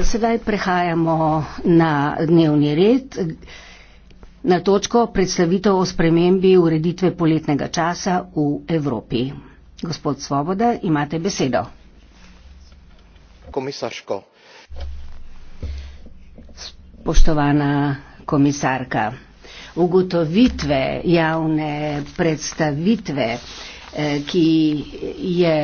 Sedaj prehajamo na dnevni red, na točko predstavitev o spremembi ureditve poletnega časa v Evropi. Gospod Svoboda, imate besedo. Komisarško. Spoštovana komisarka, ugotovitve javne predstavitve Eh, ki je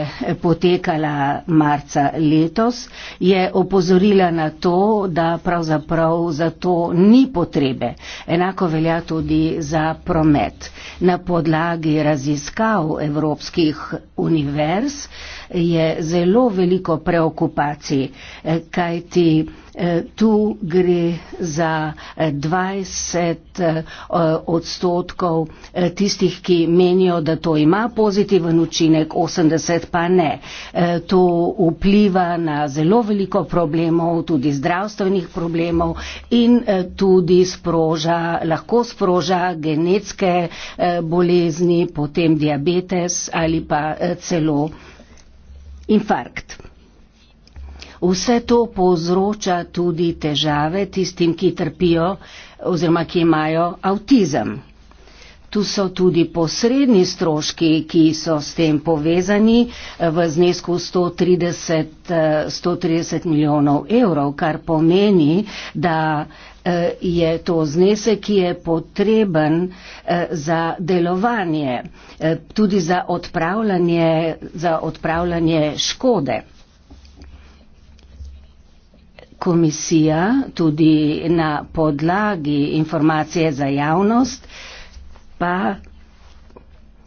potekala marca letos, je opozorila na to, da pravzaprav za to ni potrebe. Enako velja tudi za promet. Na podlagi raziskav evropskih univerz je zelo veliko preokupacij, eh, kajti eh, tu gre za 20 eh, odstotkov tistih, ki menijo, da to ima pozitiven učinek, 80 pa ne. To vpliva na zelo veliko problemov, tudi zdravstvenih problemov in tudi sproža, lahko sproža genetske bolezni, potem diabetes ali pa celo infarkt. Vse to povzroča tudi težave tistim, ki trpijo oziroma ki imajo avtizem. Tu so tudi posredni stroški, ki so s tem povezani v znesku 130, 130 eh, milijonov evrov, kar pomeni, da Eh, je to znesek, ki je potreben eh, za delovanje, eh, tudi za odpravljanje, za odpravljanje škode. Komisija tudi na podlagi informacije za javnost pa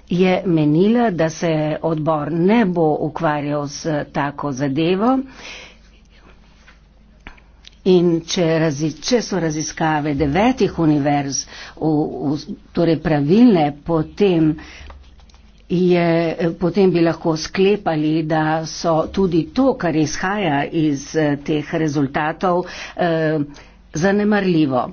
je menila, da se odbor ne bo ukvarjal z tako zadevo. In če, razi, če so raziskave devetih univerz v, v, torej pravilne, potem, je, potem bi lahko sklepali, da so tudi to, kar izhaja iz eh, teh rezultatov, eh, zanemarljivo.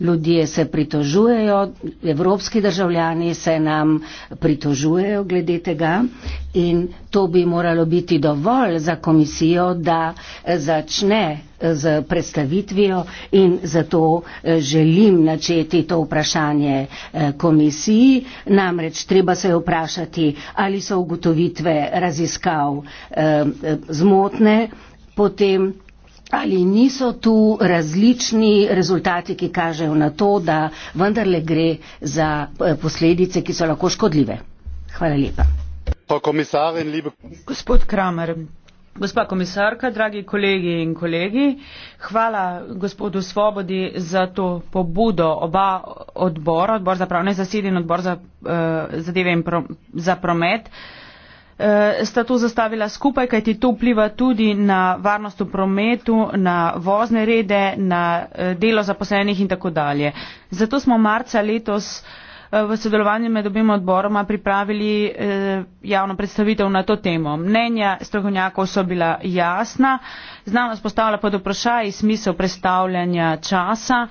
Ljudje se pritožujejo, evropski državljani se nam pritožujejo glede tega in to bi moralo biti dovolj za komisijo, da začne z predstavitvijo in zato eh, želim načeti to vprašanje eh, komisiji. Namreč treba se vprašati, ali so ugotovitve raziskav eh, zmotne, potem ali niso tu različni rezultati, ki kažejo na to, da vendarle gre za eh, posledice, ki so lahko škodljive. Hvala lepa. Gospod Kramer. Gospa komisarka, dragi kolegi in kolegi, hvala gospodu Svobodi za to pobudo oba odbora, odbor za pravne zasedi in odbor za uh, zadeve in pro, za promet. Uh, Eh, sta to zastavila skupaj, kajti to vpliva tudi na varnost v prometu, na vozne rede, na eh, delo zaposlenih in tako dalje. Zato smo marca letos eh, v sodelovanju med obima odboroma pripravili javno predstavitev na to temo. Mnenja strokovnjakov so bila jasna, znanost postavlja pod vprašaj smisel predstavljanja časa,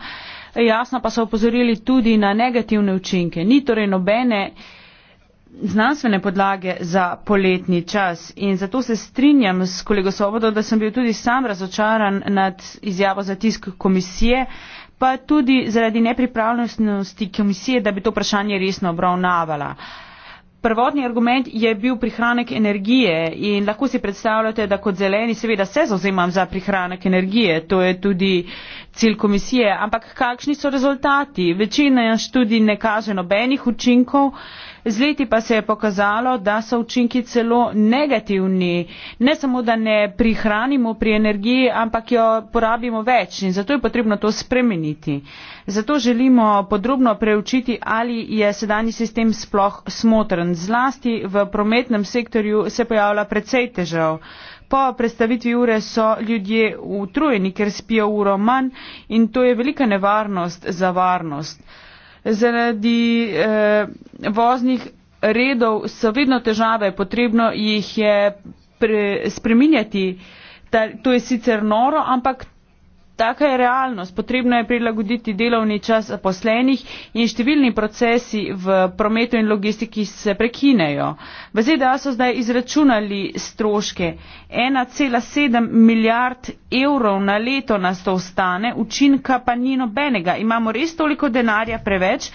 jasno pa so opozorili tudi na negativne učinke. Ni torej nobene znanstvene podlage za poletni čas in zato se strinjam s kolego Svobodo, da sem bil tudi sam razočaran nad izjavo za tisk komisije, pa tudi zaradi nepripravljenosti komisije, da bi to vprašanje resno obravnavala. Prvotni argument je bil prihranek energije in lahko si predstavljate, da kot zeleni seveda se zauzemam za prihranek energije, to je tudi cilj komisije, ampak kakšni so rezultati? Večina študij ne kaže nobenih učinkov, uh, Z leti pa se je pokazalo, da so učinki celo negativni. Ne samo, da ne prihranimo pri energiji, ampak jo porabimo več in zato je potrebno to spremeniti. Zato želimo podrobno preučiti, ali je sedanji sistem sploh smotren. Zlasti v prometnem sektorju se pojavlja precej težav. Po predstavitvi ure so ljudje utrujeni, ker spijo uro manj in to je velika nevarnost za varnost zaradi eh, voznih redov so vedno težave, potrebno jih je spreminjati. Ta, to je sicer noro, ampak taka je realnost. Potrebno je prilagoditi delovni čas poslenih in številni procesi v prometu in logistiki se prekinejo. V ZDA so zdaj izračunali stroške. 1,7 milijard evrov na leto nas to ostane, učinka pa ni nobenega. Imamo res toliko denarja preveč.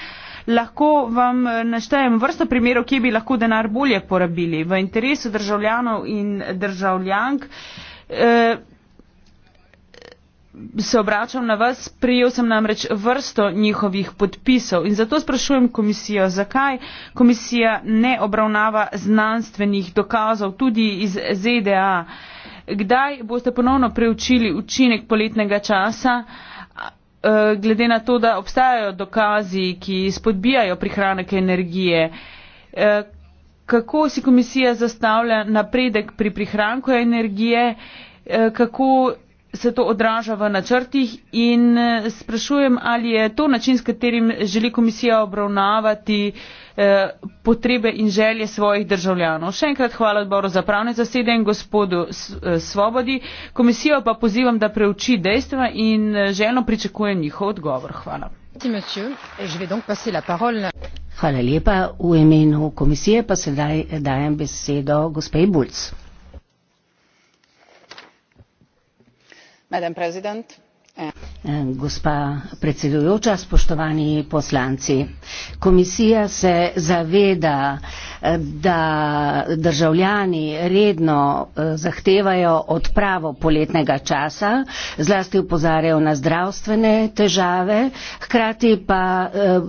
Lahko vam naštejem vrsto primerov, kje bi lahko denar bolje porabili v interesu državljanov in državljank. Eh, se obračam na vas, prijel sem namreč vrsto njihovih podpisov in zato sprašujem komisijo, zakaj komisija ne obravnava znanstvenih dokazov tudi iz ZDA. Kdaj boste ponovno preučili učinek poletnega časa, eh, glede na to, da obstajajo dokazi, ki spodbijajo prihranek energije? Eh, kako si komisija zastavlja napredek pri prihranku energije? Eh, kako se to odraža v načrtih in eh, sprašujem ali je to način, s katerim želi komisija obravnavati eh, potrebe in želje svojih državljanov. Še enkrat hvala odboru za pravne zasede in gospodu eh, Svobodi. Komisijo pa pozivam, da preuči dejstva in želno pričakujem njihov odgovor. Hvala. Hvala lepa. V imenu komisije pa sedaj dajem besedo gospej Bulc. Eh, gospa predsedujoča spoštovani poslanci komisija se zaveda eh, da državljani redno eh, zahtevajo odpravo poletnega časa zlasti opozarjajo na zdravstvene težave hkrati pa eh,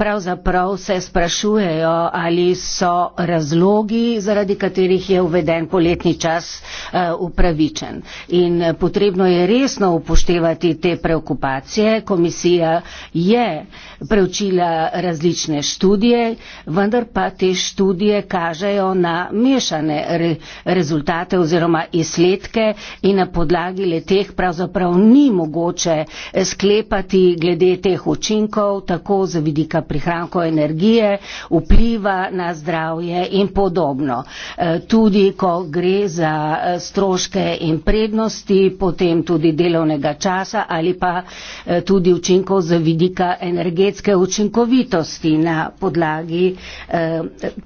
pravzaprav se sprašujejo, ali so razlogi, zaradi katerih je uveden poletni čas, eh, upravičen. In eh, potrebno je resno upoštevati te preokupacije. Komisija je preučila različne študije, vendar pa te študije kažejo na mešane re rezultate oziroma izsledke in na podlagi le teh pravzaprav ni mogoče eh, sklepati glede teh učinkov tako z vidika prihrankov energije, vpliva na zdravje in podobno. E, tudi, ko gre za e, stroške in prednosti, potem tudi delovnega časa ali pa e, tudi učinkov za vidika energetske učinkovitosti na podlagi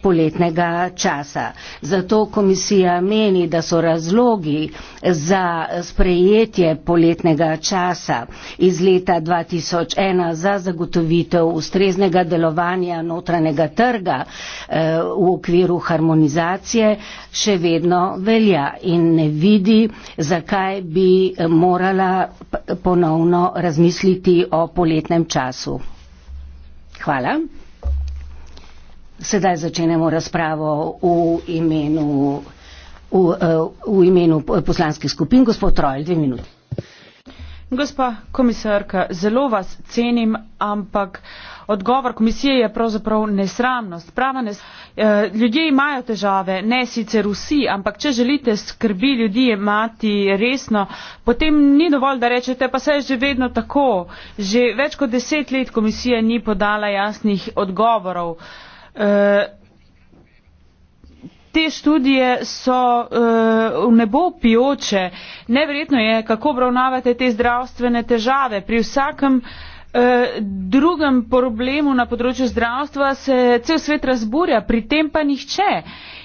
poletnega časa. Zato komisija meni, da so razlogi za sprejetje poletnega časa iz leta 2001 za zagotovitev ustreznega skupnega delovanja notranjega trga eh, v okviru harmonizacije še vedno velja in ne vidi, zakaj bi eh, morala ponovno razmisliti o poletnem času. Hvala. Sedaj začenjamo razpravo v imenu, v, eh, v imenu poslanskih skupin. Gospod Trojl, dve minuti. Gospa komisarka, zelo vas cenim, ampak odgovor komisije je pravzaprav nesramnost. Nes eh, ljudje imajo težave, ne sicer vsi, ampak če želite skrbi ljudi imati resno, potem ni dovolj, da rečete, pa se je že vedno tako. Že več kot deset let komisija ni podala jasnih odgovorov. Eh, te študije so eh, v uh, nebo pijoče. Neverjetno je, kako obravnavate te zdravstvene težave. Pri vsakem uh, Eh, drugem problemu na področju zdravstva se cel svet razburja pri tem pa nihče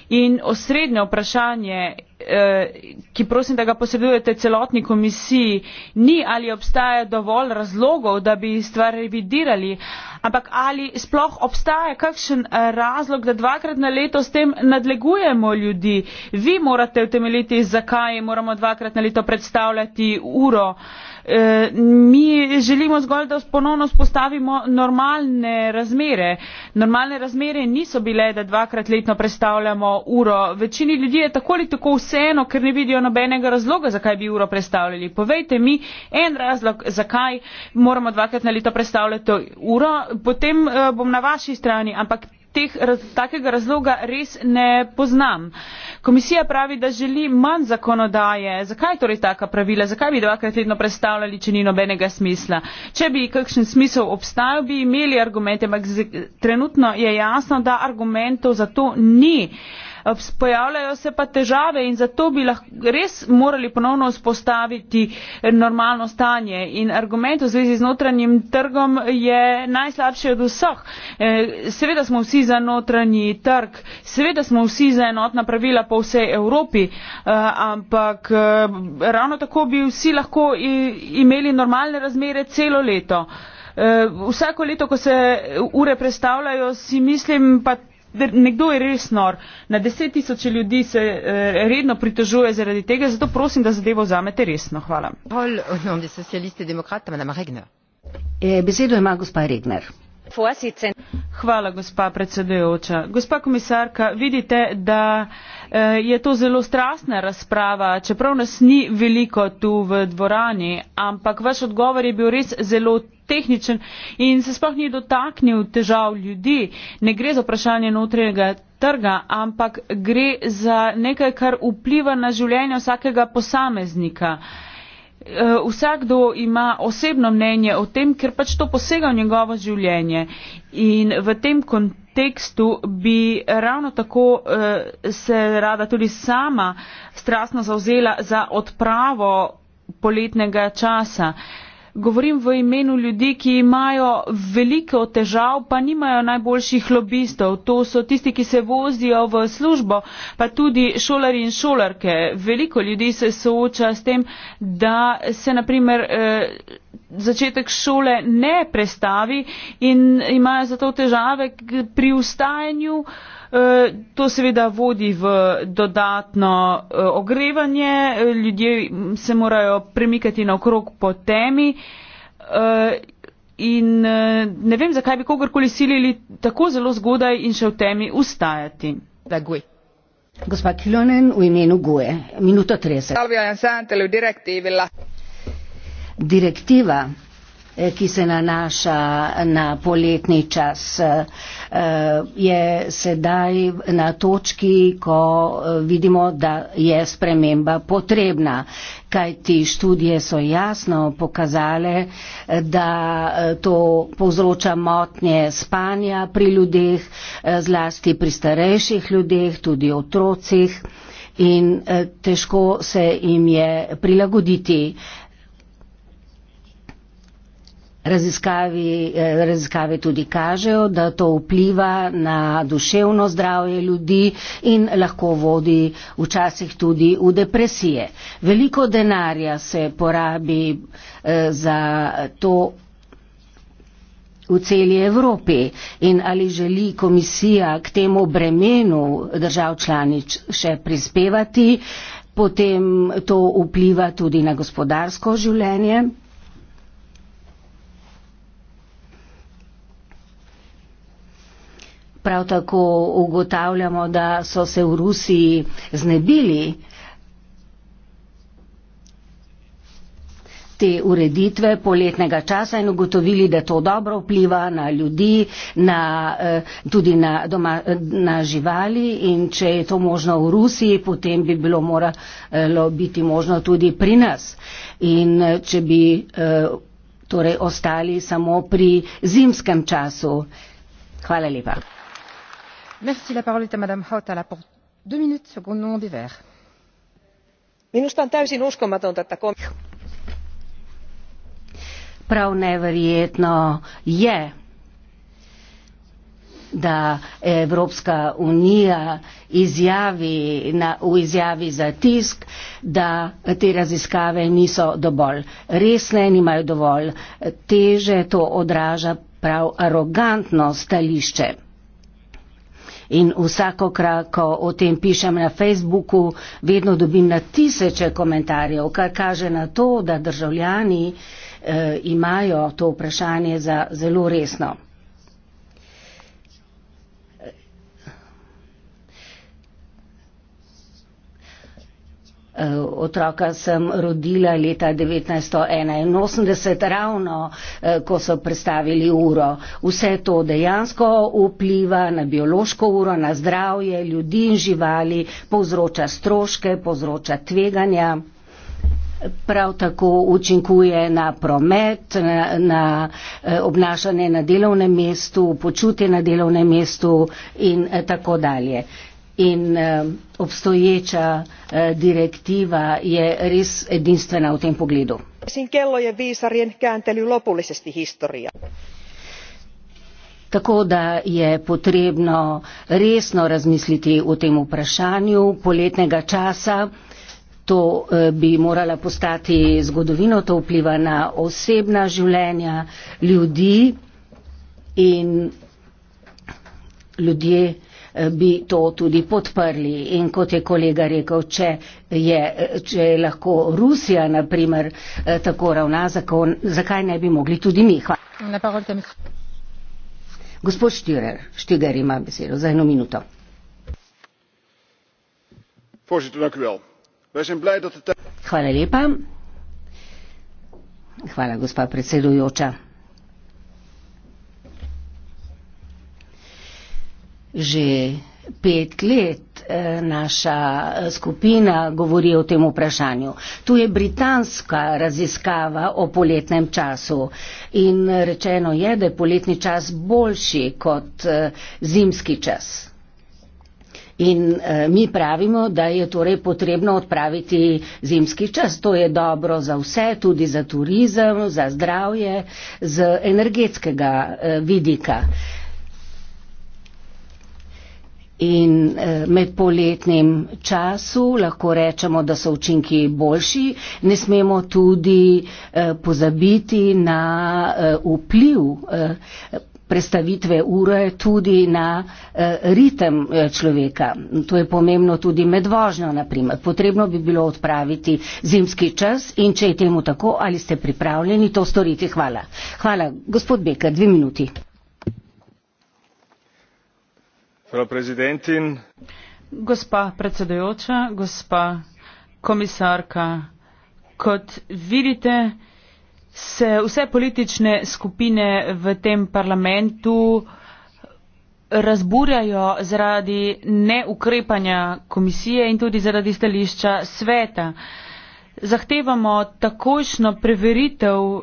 in osrednje vprašanje eh, ki prosim da ga posredujete celotni komisiji ni ali obstaja dovolj razlogov da bi stvar revidirali ampak ali sploh obstaja kakšen razlog da dvakrat na leto s tem nadlegujemo ljudi vi morate utemeljiti zakaj moramo dvakrat na leto predstavljati uro eh, mi želimo zgolj da ponovno vzpostavimo normalne razmere normalne razmere niso bile da dvakrat letno predstavljamo uro. Večini ljudi je tako ali tako vseeno, ker ne vidijo nobenega razloga, zakaj bi uro predstavljali. Povejte mi en razlog, zakaj moramo dvakrat na leto predstavljati uro, potem uh, bom na vaši strani, ampak teh, raz, takega razloga res ne poznam. Komisija pravi, da želi manj zakonodaje. Zakaj torej taka pravila? Zakaj bi dvakrat letno predstavljali, če ni nobenega smisla? Če bi kakšen smisel obstajal, bi imeli argumente, ampak trenutno je jasno, da argumentov za to ni. Uh, Eh, pojavljajo se pa težave in zato bi res morali ponovno vzpostaviti eh, normalno stanje. In argument v zvezi z notranjim trgom je najslabši od vseh. Eh, seveda smo vsi za notranji trg, seveda smo vsi za enotna pravila po vsej Evropi, ampak ravno tako bi vsi lahko imeli normalne razmere celo leto. Vsako leto, ko se ure prestavljajo, si mislim, pa Nekdo je res nor. Na deset tisoče ljudi se eh, redno pritožuje zaradi tega, zato prosim, da zadevo vzamete resno. Hvala. Eh, besedo ima gospa Regner. Hvala, gospa predsedujoča. Gospa komisarka, vidite, da eh, je to zelo strastna razprava, čeprav nas ni veliko tu v dvorani, ampak vaš odgovor je bil res zelo tehničen in se sploh ni dotaknil težav ljudi. Ne gre za vprašanje notrenega trga, ampak gre za nekaj, kar vpliva na življenje vsakega posameznika. Eh, vsakdo ima osebno mnenje o tem, ker pač to posega v njegovo življenje. In v tem kontekstu bi ravno tako eh, se rada tudi sama strastno zauzela za odpravo poletnega časa govorim v imenu ljudi, ki imajo veliko težav, pa nimajo najboljših lobistov. To so tisti, ki se vozijo v službo, pa tudi šolari in šolarke. Veliko ljudi se sooča s tem, da se naprimer. Eh, začetek šole ne prestavi in imajo zato težave pri ustajanju. Eh, to seveda vodi v dodatno eh, ogrevanje, ljudje se morajo premikati naokrog po temi eh, in ne vem, zakaj bi kogarkoli silili tako zelo zgodaj in še v temi ustajati. Gospa Kilonen, v imenu Gue, minuto 30 direktiva, eh, ki se nanaša na poletni čas, eh, je sedaj na točki, ko eh, vidimo, da je sprememba potrebna. Kaj ti študije so jasno pokazale, da to povzroča motnje spanja pri ljudeh, zlasti pri starejših ljudeh, tudi otrocih in težko se jim je prilagoditi Raziskavi, eh, raziskave tudi kažejo, da to vpliva na duševno zdravje ljudi in lahko vodi včasih tudi v depresije. Veliko denarja se porabi eh, za to v celi Evropi in ali želi komisija k temu bremenu držav članic še prispevati, potem to vpliva tudi na gospodarsko življenje. prav tako ugotavljamo, da so se v Rusiji znebili te ureditve poletnega časa in ugotovili, da to dobro vpliva na ljudi, na, eh, tudi na, doma, na živali in če je to možno v Rusiji, potem bi bilo moralo biti možno tudi pri nas. In eh, če bi eh, torej ostali samo pri zimskem času. Hvala lepa minusta on täysin uskomatonta että komissio. prav neverjetno je da evropska unija izjavi na, v izjavi za tisk da te raziskave niso dovolj resne nimajo dovolj teže to odraža prav arogantno stališče in vsakokrat, ko o tem pišem na Facebooku, vedno dobim na tisoče komentarjev, kar kaže na to, da državljani eh, imajo to vprašanje za zelo resno. Eh, otroka sem rodila leta 1981, ravno eh, ko so predstavili uro. Vse to dejansko vpliva na biološko uro, na zdravje ljudi in živali, povzroča stroške, povzroča tveganja. Prav tako učinkuje na promet, na, na eh, obnašanje na delovnem mestu, počutje na delovnem mestu in tako dalje in eh, obstoječa eh, direktiva je res edinstvena v tem pogledu. Ja Tako da je potrebno resno razmisliti o tem vprašanju poletnega časa. To eh, bi morala postati zgodovino, to vpliva na osebna življenja ljudi in ljudje bi to tudi podprli. In kot je kolega rekel, če je, če je lahko Rusija naprimer eh, tako ravna zakon, zakaj ne bi mogli tudi mi? Hvala. Gospod Štirer, Štiger ima besedo za eno minuto. Hvala lepa. Hvala, gospa predsedujoča. že pet let eh, naša eh, skupina govori o tem vprašanju. Tu je britanska raziskava o poletnem času in rečeno je, da je poletni čas boljši kot eh, zimski čas. In mi pravimo, da je torej potrebno odpraviti zimski čas. To je dobro za vse, tudi za turizem, za zdravje, z energetskega vidika in eh, med poletnim času lahko rečemo, da so učinki boljši. Ne smemo tudi eh, pozabiti na eh, vpliv prestavitve ure tudi na ritem človeka. To je pomembno tudi med vožnjo, naprimer. Potrebno bi bilo odpraviti zimski čas in če je temu tako, ali ste pripravljeni to storiti. Hvala. Hvala, gospod Beker, dve minuti gospa predsedujoča gospa komisarka kot vidite se vse politične skupine v tem parlamentu razburjajo zaradi neukrepanja komisije in tudi zaradi stališča sveta. Zahtevamo takošno preveritev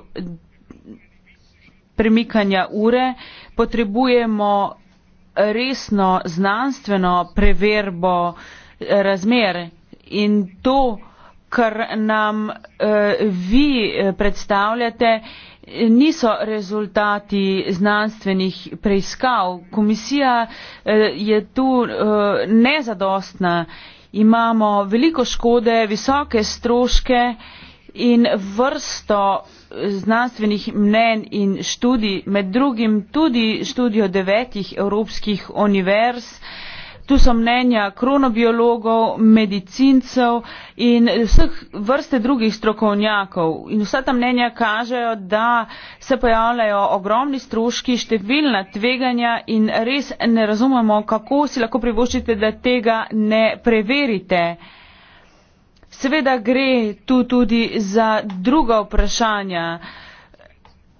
premikanja ure, potrebujemo resno znanstveno preverbo eh, razmer in to, kar nam eh, vi eh, predstavljate, niso rezultati znanstvenih preiskav. Komisija je tu nezadostna. Imamo veliko škode, visoke stroške in vrsto znanstvenih mnen in študij, med drugim tudi študijo devetih evropskih univerz. Tu so mnenja kronobiologov, medicincev in vseh vrste drugih strokovnjakov. In vsa ta mnenja kažejo, da se pojavljajo ogromni stroški, številna tveganja in res ne razumemo, kako si lahko privoščite, da tega ne preverite. Seveda gre tu tudi za druga vprašanja.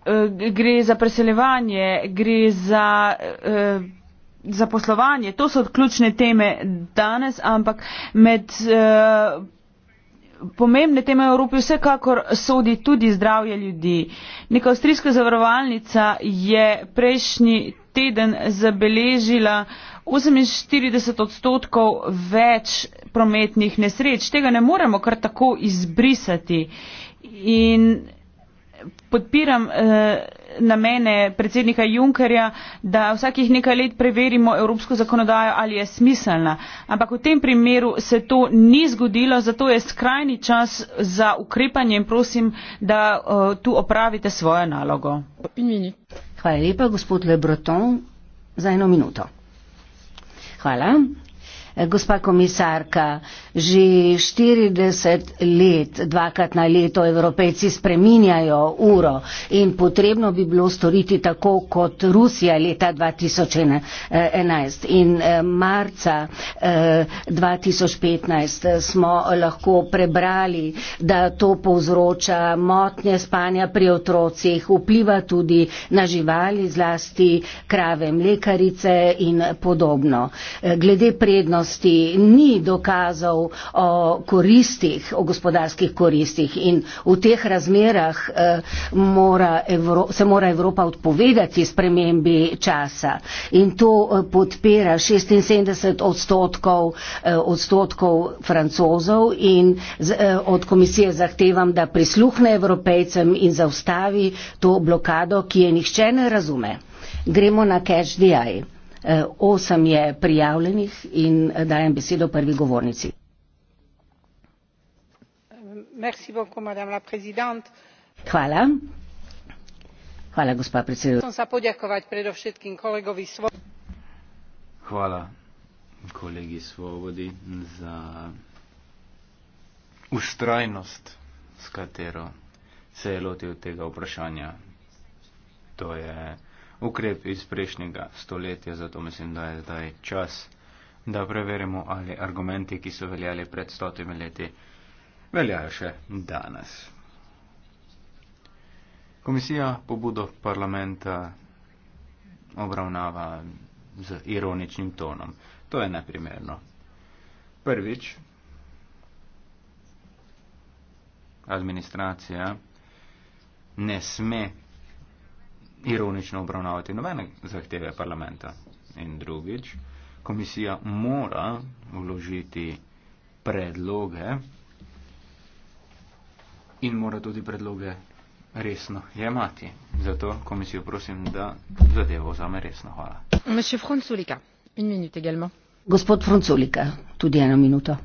Eh, gre za preseljevanje, gre za eh, zaposlovanje. To so ključne teme danes, ampak med eh, pomembne teme v Evropi vsekakor sodi tudi zdravje ljudi. Neka avstrijska zavarovalnica je prejšnji teden zabeležila uh, 48 odstotkov več prometnih nesreč. Tega ne moremo kar tako izbrisati. In podpiram eh, namene predsednika Junkerja, da vsakih nekaj let preverimo evropsko zakonodajo, ali je smiselna. Ampak v tem primeru se to ni zgodilo, zato je skrajni čas za ukrepanje in prosim, da eh, tu opravite svojo nalogo. Hvala lepa, gospod Le Breton, za eno minuto. Hvala. Gospa komisarka, že 40 let, dvakrat na leto, evropejci spreminjajo uro in potrebno bi bilo storiti tako kot Rusija leta 2011. Eh, in eh, marca 2015 eh, smo lahko prebrali, da to povzroča motnje spanja pri otrocih, vpliva tudi na živali, zlasti krave, mlekarice in podobno. Glede prednosti, znanosti ni dokazal o koristih, o gospodarskih koristih in v teh razmerah eh, mora Evro, se mora Evropa odpovedati spremembi časa. In to eh, podpira 76 odstotkov, eh, odstotkov francozov in od komisije zahtevam, da prisluhne evropejcem in zaustavi to blokado, ki je nihče ne razume. Gremo na catch the eye. Osem je prijavljenih in dajem besedo prvi govornici. Hvala. Hvala, gospa predsedujoča. Hvala kolegi Svobodi za ustrajnost, s katero se je lotil tega vprašanja. To je ukrep iz prejšnjega stoletja, zato mislim, da je zdaj čas, da preverimo, ali argumenti, ki so veljali pred stotimi leti, veljajo še danes. Komisija pobudo parlamenta obravnava z ironičnim tonom. To je neprimerno. Prvič, administracija ne sme ironično obravnavati nobene zahteve parlamenta. In drugič, komisija mora vložiti predloge in mora tudi predloge resno jemati. Zato komisijo prosim, da zadevo vzame resno. Hvala. Gospod Fronculika, tudi eno minuto.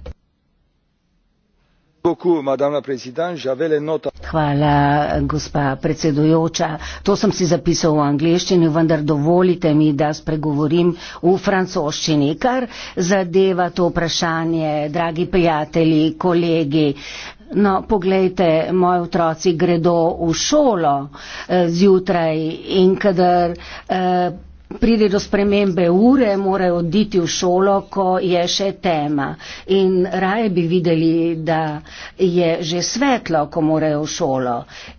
Beaucoup, Madame la Présidente, j'avais les notes hvala, gospa predsedujoča. To sem si zapisal v angliščini, vendar dovolite mi, da spregovorim v francoščini, kar zadeva to vprašanje, dragi prijatelji, kolegi. No, poglejte, moji otroci gredo v šolo eh, zjutraj in kadar. Eh, pride do spremembe ure, morajo oditi v šolo, ko je še tema. In raje bi videli, da je že svetlo, ko morajo v šolo.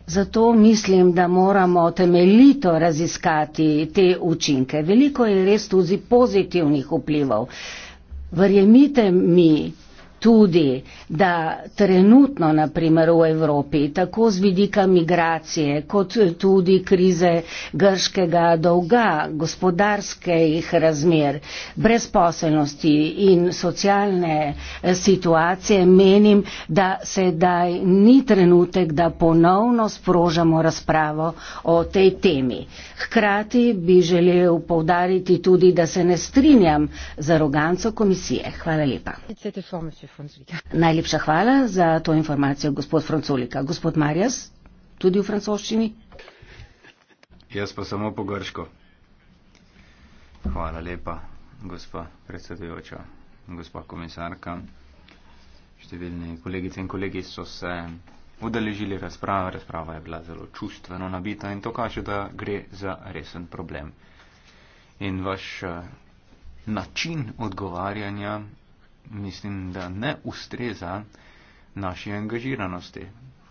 Zato mislim, da moramo temeljito raziskati te učinke. Veliko je res tudi pozitivnih vplivov. Verjemite mi, tudi, da trenutno, naprimer v Evropi, tako z vidika migracije, kot tudi krize grškega dolga, gospodarskih razmer, brezposelnosti in socialne eh, situacije, menim, da sedaj ni trenutek, da ponovno sprožamo razpravo o tej temi. Hkrati bi želel povdariti tudi, da se ne strinjam z aroganco komisije. Hvala lepa. Fonzulika. Najlepša hvala za to informacijo, gospod Fonzulika. Gospod Marjas, tudi v francoščini? Jaz pa samo po grško. Hvala lepa, gospa predsedujoča, gospa komisarka. Številni kolegice in kolegi so se udeležili razprave. Razprava je bila zelo čustveno nabita in to kaže, da gre za resen problem. In vaš eh, način odgovarjanja mislim, da ne ustreza naši angažiranosti.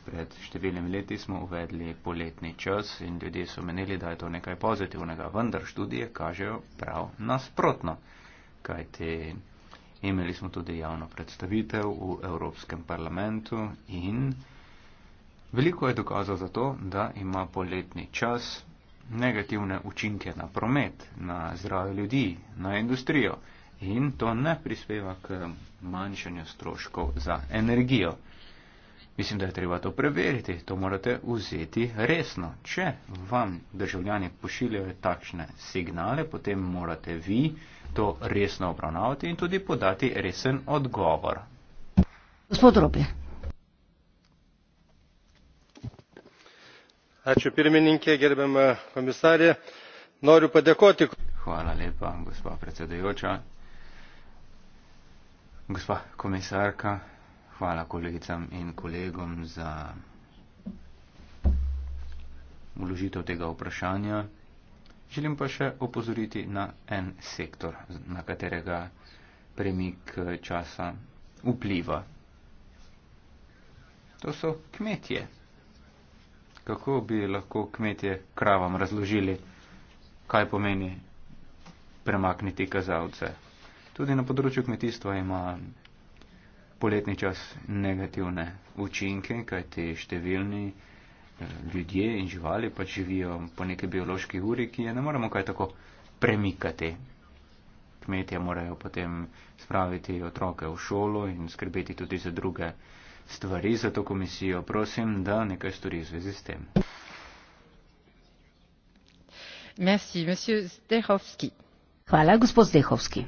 Pred številnimi leti smo uvedli poletni čas in ljudje so menili, da je to nekaj pozitivnega, vendar študije kažejo prav nasprotno. Kajti imeli smo tudi javno predstavitev v Evropskem parlamentu in veliko je dokazov za to, da ima poletni čas negativne učinke na promet, na zdravje ljudi, na industrijo in to ne prispeva k manjšanju stroškov za energijo. Mislim, da je treba to preveriti, to morate vzeti resno. Če vam državljani pošiljajo takšne signale, potem morate vi to resno obravnavati in tudi podati resen odgovor. Gospod Robi. Ačiū pirmininkė, gerbiam komisarė. Noriu padėkoti. Hvala lepa, gospod predsedajoča. Gospa komisarka, hvala kolegicam in kolegom za uložitev tega vprašanja. Želim pa še opozoriti na en sektor, na katerega premik časa vpliva. To so kmetje. Kako bi lahko kmetje kravam razložili, kaj pomeni premakniti kazalce? Tudi na področju kmetijstva ima poletni čas negativne učinke, kajti številni eh, ljudje in živali pač živijo po neki biološki uri, ki je ne moremo kaj tako premikati. Kmetje morajo potem spraviti otroke v šolo in skrbeti tudi za druge stvari, zato komisijo prosim, da nekaj stori v zvezi s tem. Merci, Hvala, gospod Zdehovski.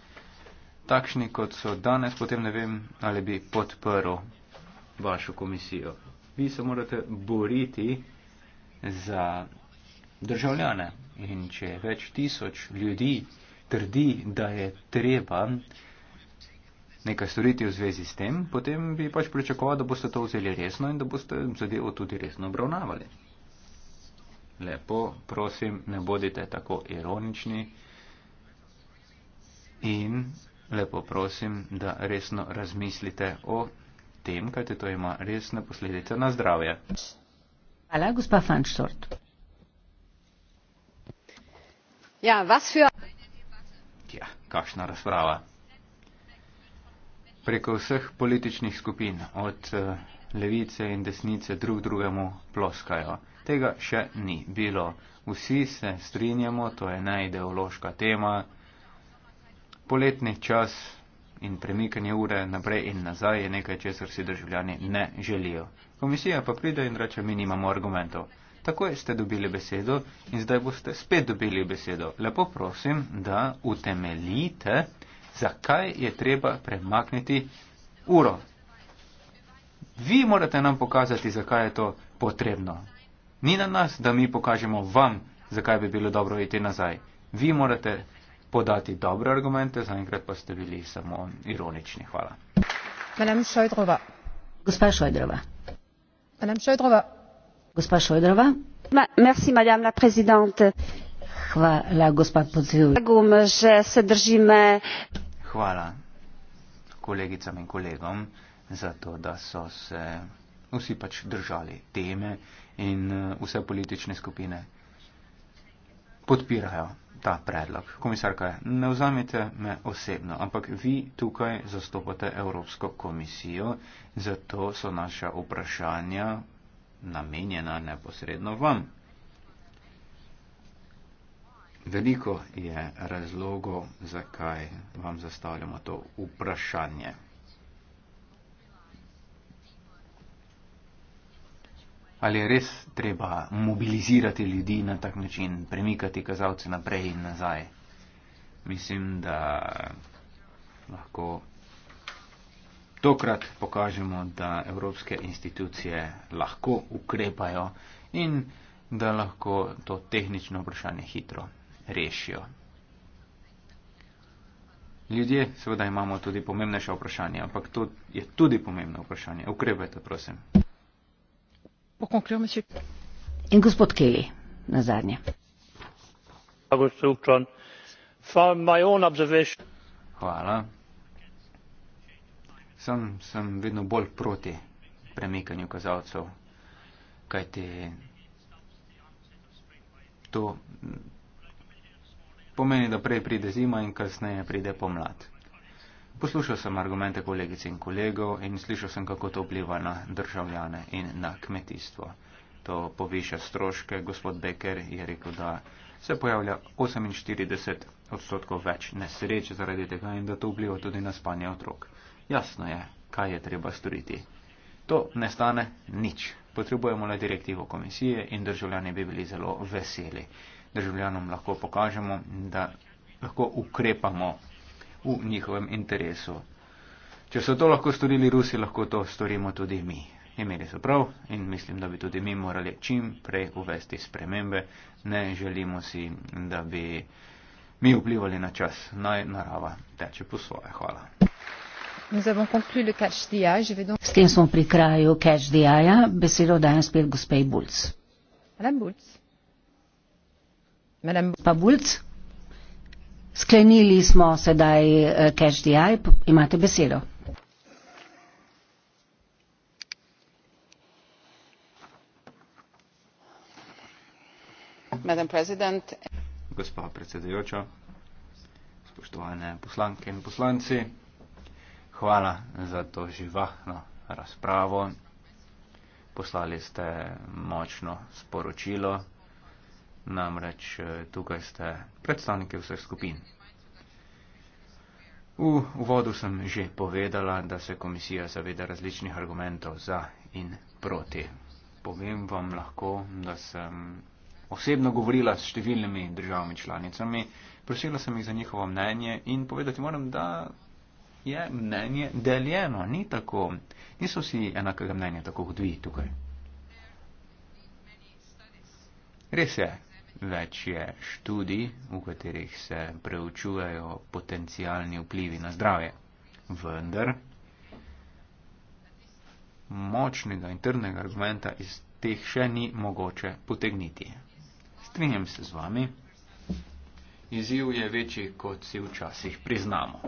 takšni, kot so danes, potem ne vem, ali bi podprl vašo komisijo. Vi se morate boriti za državljane in če več tisoč ljudi trdi, da je treba nekaj storiti v zvezi s tem, potem bi pač pričakoval, da boste to vzeli resno in da boste zadevo tudi resno obravnavali. Lepo, prosim, ne bodite tako ironični in lepo prosim, da resno razmislite o tem, kaj te to ima resne posledice na zdravje. Hvala, gospa Fanštort. Ja, vas fjo. Ja, kakšna razprava. Preko vseh političnih skupin od eh, levice in desnice drug drugemu ploskajo. Tega še ni bilo. Vsi se strinjamo, to je neideološka tema poletni čas in premikanje ure naprej in nazaj je nekaj, česar si državljani ne želijo. Komisija pa pride in reče, mi nimamo argumentov. Tako ste dobili besedo in zdaj boste spet dobili besedo. Lepo prosim, da utemeljite, zakaj je treba premakniti uro. Vi morate nam pokazati, zakaj je to potrebno. Ni na nas, da mi pokažemo vam, zakaj bi bilo dobro iti nazaj. Vi morate podati dobre argumente, zaenkrat pa ste bili samo ironični. Hvala. Gospa Šojdrova. Gospa Šojdrova. Hvala kolegicam in kolegom za to, da so se vsi pač držali teme in eh, vse politične skupine podpirajo ta predlog. Komisarka, ne vzamite me osebno, ampak vi tukaj zastopate Evropsko komisijo, zato so naša vprašanja namenjena neposredno vam. Veliko je razlogov, zakaj vam zastavljamo to vprašanje. ali je res treba mobilizirati ljudi na tak način, premikati kazalce naprej in nazaj. Mislim, da lahko tokrat pokažemo, da evropske institucije lahko ukrepajo in da lahko to tehnično vprašanje hitro rešijo. Ljudje seveda imamo tudi pomembnejša vprašanja, ampak to je tudi pomembno vprašanje. Ukrepajte, prosim. Po conclure, monsieur. In gospod Kelly, na zadnje. Hvala. Sem, sem vedno bolj proti premikanju kazalcev, kajti to pomeni, da prej pride zima in kasneje pride pomlad. Poslušal sem argumente kolegic in kolegov in slišal sem, kako to vpliva na državljane in na kmetijstvo. To poviša stroške. Gospod Becker je rekel, da se pojavlja 48 odstotkov več nesreč zaradi tega in da to vpliva tudi na spanje otrok. Jasno je, kaj je treba storiti. To ne stane nič. Potrebujemo le direktivo komisije in državljani bi bili zelo veseli. Državljanom lahko pokažemo, da lahko ukrepamo v njihovem interesu. Če so to lahko storili Rusi, lahko to storimo tudi mi. Imeli so prav in mislim, da bi tudi mi morali čim prej uvesti spremembe. Ne želimo si, da bi mi vplivali na čas. Naj narava teče po svoje. Hvala. S tem smo pri kraju Catch the Eye. Besedo dajem spet gospej Bulc. Madame Bulc. Madame Bulc. Pa Bulc. Sklenili smo sedaj eh, Cash DI, imate besedo. Gospa predsedujoča, spoštovane poslanke in poslanci, hvala za to živahno razpravo. Poslali ste močno sporočilo namreč eh, tukaj ste predstavniki vseh skupin. V uvodu sem že povedala, da se komisija zaveda različnih argumentov za in proti. Povem vam lahko, da sem osebno govorila s številnimi državami članicami, prosila sem jih za njihovo mnenje in povedati moram, da je mnenje deljeno, ni tako. Niso vsi enakega mnenja, tako kot vi tukaj. Res je, več je študij, v katerih se preučujejo potencijalni vplivi na zdravje. Vendar močnega in trdnega argumenta iz teh še ni mogoče potegniti. Strinjam se z vami, izziv je večji, kot si včasih priznamo.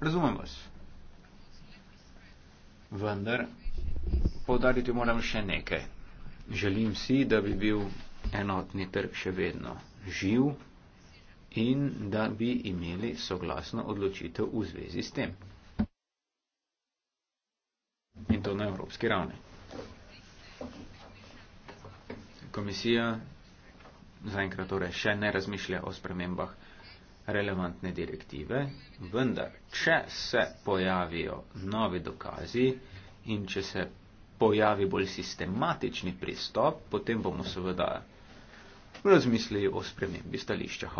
Razumem vas. Vendar podariti moram še nekaj. Želim si, da bi bil enotni trg še vedno živ in da bi imeli soglasno odločitev v zvezi s tem. In to na evropski ravni. Komisija zaenkrat torej še ne razmišlja o spremembah relevantne direktive, vendar, če se pojavijo novi dokazi in če se pojavi bolj sistematični pristop, potem bomo seveda razmisli o spremembi stališča.